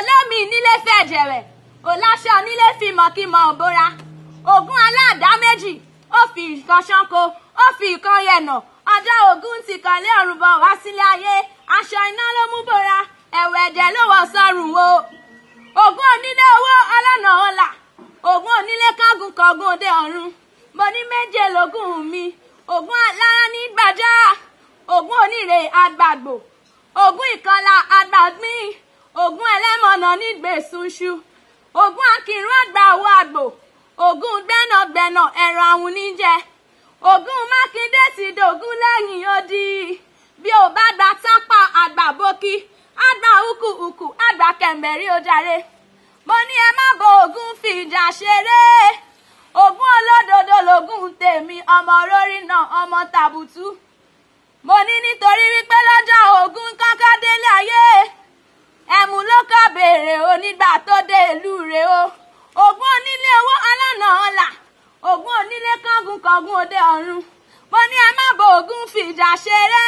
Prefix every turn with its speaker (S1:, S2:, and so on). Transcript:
S1: olómi nílé fẹ̀jẹ̀rẹ̀ òláṣọ nílé fìmọ̀kìmọ̀ òbora ògún aláàdá méjì ó fi ìkan ṣánko ó fi ìkan yẹ̀nà ọjọ́ ògún ti kàn lé ọ̀run bọ̀ wá sílé ayé aṣọ iná ló mú bora ẹ̀wù ẹ̀jẹ̀ ló wọ̀ sọ́rùn o ògún onílé owó ọlọ́nà ọ̀la ògún onílé kángun kọ̀ọ̀gùn òde ọ̀run mo ní méje lógún mi ògún alára ní gbàjá ògún onírè àgbàgbò ògún ìkọlà àgbàgbìn ògún ẹlẹ́ ọ̀nà nígbèsùnṣu ògún akínrún àgbà àwọ àgbò Ogun gbẹ́nàgbẹ́nà ẹ̀rọ àwọn oníjẹ Ogun mákindé ti dògún lẹ́yìn odi bí ò bá gba tápà àgbà bókí àgbà ukùukù àgbà kẹ̀mẹ́rí ó mo ní ẹ má bo ògún fi ìjà ṣeré ògún olódodo lògún tèmi ọmọ rórí náà ọmọ tàbùtù mo ní nítorí wípé lọ́jọ́ ògún. èrè o nígbà tó dé ìlú rẹ̀ o ògún onílé owó ọlọ́nà ọ̀la ògún onílé kángun kángun òde ọ̀run mo ní ẹ má bo ògún fìjà ṣeré.